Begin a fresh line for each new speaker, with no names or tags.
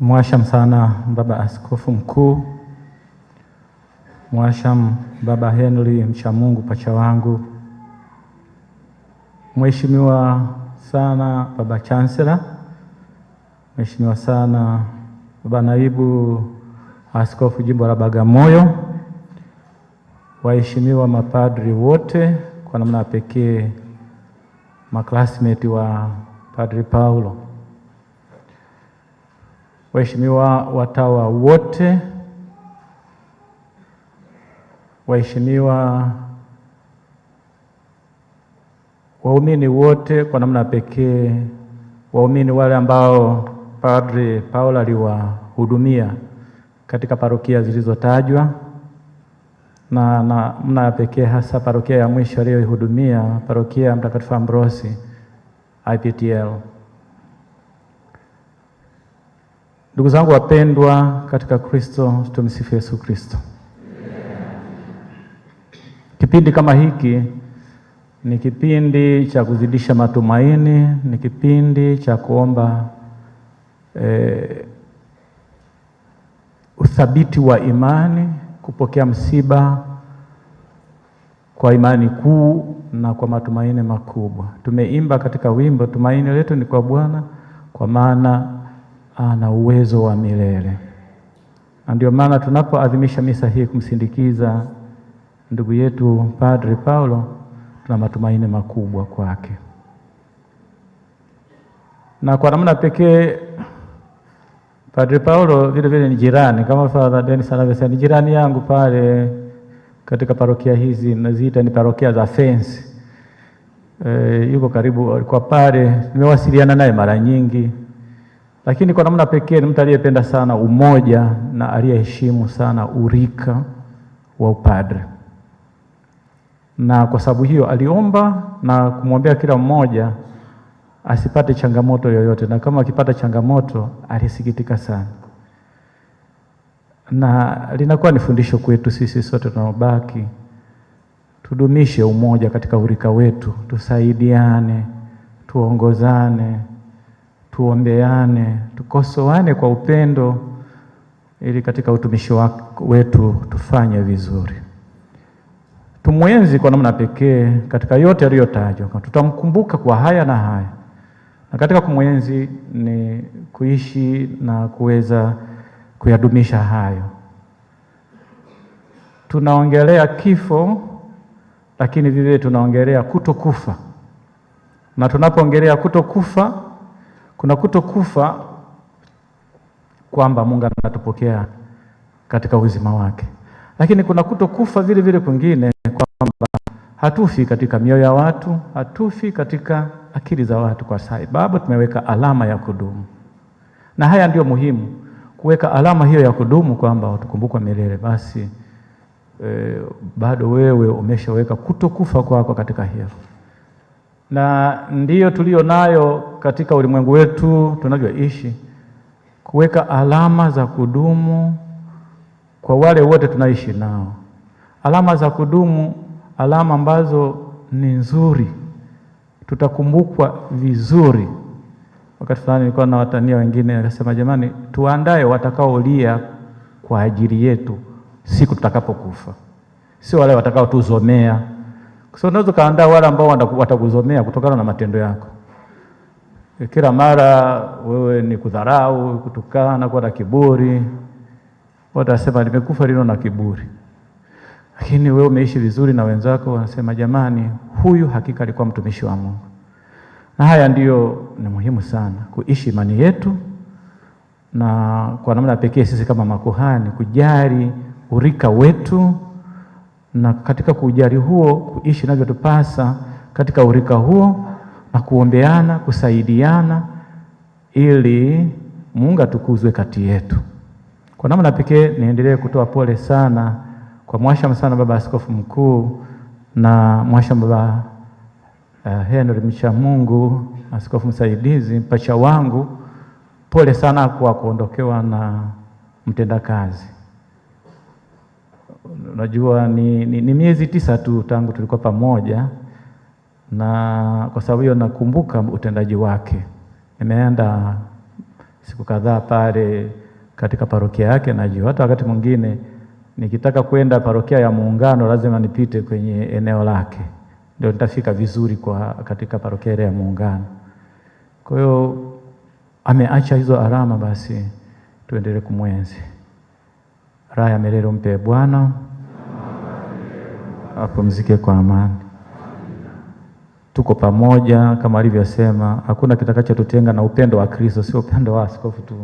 Mwasham sana Baba Askofu Mkuu, mwasham Baba Henry mchamungu pacha wangu, mheshimiwa sana Baba Chancellor, mheshimiwa sana Baba Naibu Askofu Jimbo la Bagamoyo, waheshimiwa mapadri wote, kwa namna pekee maklasmeti wa Padri Paulo Waheshimiwa watawa wote, waheshimiwa waumini wote, kwa namna pekee waumini wale ambao Padre Paul aliwahudumia katika parokia zilizotajwa na namna pekee hasa parokia ya mwisho aliyoihudumia, parokia ya Mtakatifu Ambrosi IPTL. Ndugu zangu wapendwa katika Kristo, tumsifu Yesu Kristo. Kipindi kama hiki ni kipindi cha kuzidisha matumaini, ni kipindi cha kuomba eh, uthabiti wa imani, kupokea msiba kwa imani kuu na kwa matumaini makubwa. Tumeimba katika wimbo, tumaini letu ni kwa Bwana, kwa maana ana uwezo wa milele, na ndio maana tunapoadhimisha misa hii kumsindikiza ndugu yetu Padre Paulo, tuna matumaini makubwa kwake, na kwa namna pekee Padre Paulo vile vile ni jirani, kama Father Dennis anavyosema, ni jirani yangu pale katika parokia hizi naziita ni parokia za fensi. E, eh, yuko karibu, kwa pale, nimewasiliana naye mara nyingi. Lakini kwa namna pekee ni mtu aliyependa sana umoja na aliyeheshimu sana urika wa upadre, na kwa sababu hiyo aliomba na kumwombea kila mmoja asipate changamoto yoyote, na kama akipata changamoto alisikitika sana, na linakuwa ni fundisho kwetu sisi sote tunaobaki. Tudumishe umoja katika urika wetu, tusaidiane, tuongozane tuombeane, tukosoane kwa upendo, ili katika utumishi wetu tufanye vizuri. Tumwenzi kwa namna pekee katika yote yaliyotajwa, tutamkumbuka kwa haya na haya, na katika kumwenzi ni kuishi na kuweza kuyadumisha hayo. Tunaongelea kifo, lakini vivyo tunaongelea kutokufa, na tunapoongelea kutokufa kuna kutokufa kwamba Mungu anatupokea katika uzima wake, lakini kuna kutokufa vile vile kwingine kwamba hatufi katika mioyo ya watu, hatufi katika akili za watu, kwa sababu tumeweka alama ya kudumu. Na haya ndio muhimu, kuweka alama hiyo ya kudumu kwamba utukumbukwa milele. Basi e, bado wewe umeshaweka kutokufa kwako kwa katika hiyo, na ndiyo tulio nayo katika ulimwengu wetu tunavyoishi, kuweka alama za kudumu kwa wale wote tunaishi nao, alama za kudumu, alama ambazo ni nzuri, tutakumbukwa vizuri. Wakati fulani nilikuwa na watania wengine, akasema jamani, tuandae watakaolia kwa ajili yetu siku tutakapokufa, sio wale watakaotuzomea, kwa sababu unaweza ukaandaa wale ambao watakuzomea kutokana na matendo yako. Eh, kila mara wewe ni kudharau, kutukana, kuwa na kiburi. Watasema nimekufa lino na kiburi, lakini wewe umeishi vizuri na wenzako wanasema, jamani, huyu hakika alikuwa mtumishi wa Mungu. Na haya ndiyo ni muhimu sana kuishi imani yetu, na kwa namna pekee sisi kama makuhani kujali urika wetu, na katika kujali huo kuishi navyotupasa katika urika huo na kuombeana, kusaidiana ili Mungu atukuzwe kati yetu. Kwa namna pekee niendelee kutoa pole sana kwa mwasham sana baba askofu mkuu na mwasham baba uh, Henry Mchamungu askofu msaidizi mpacha wangu, pole sana kwa kuondokewa na mtendakazi. Unajua ni, ni, ni miezi tisa tu tangu tulikuwa pamoja na kwa sababu hiyo nakumbuka utendaji wake. Nimeenda siku kadhaa pale katika parokia yake, najua hata wakati mwingine nikitaka kwenda parokia ya Muungano lazima nipite kwenye eneo lake ndio nitafika vizuri kwa katika parokia ya Muungano. Kwa hiyo ameacha hizo alama, basi tuendelee kumwenzi. Raha ya milele mpe Bwana, apumzike kwa amani tuko pamoja kama alivyosema, hakuna kitakachotutenga na upendo wa Kristo, sio upendo wa askofu tu.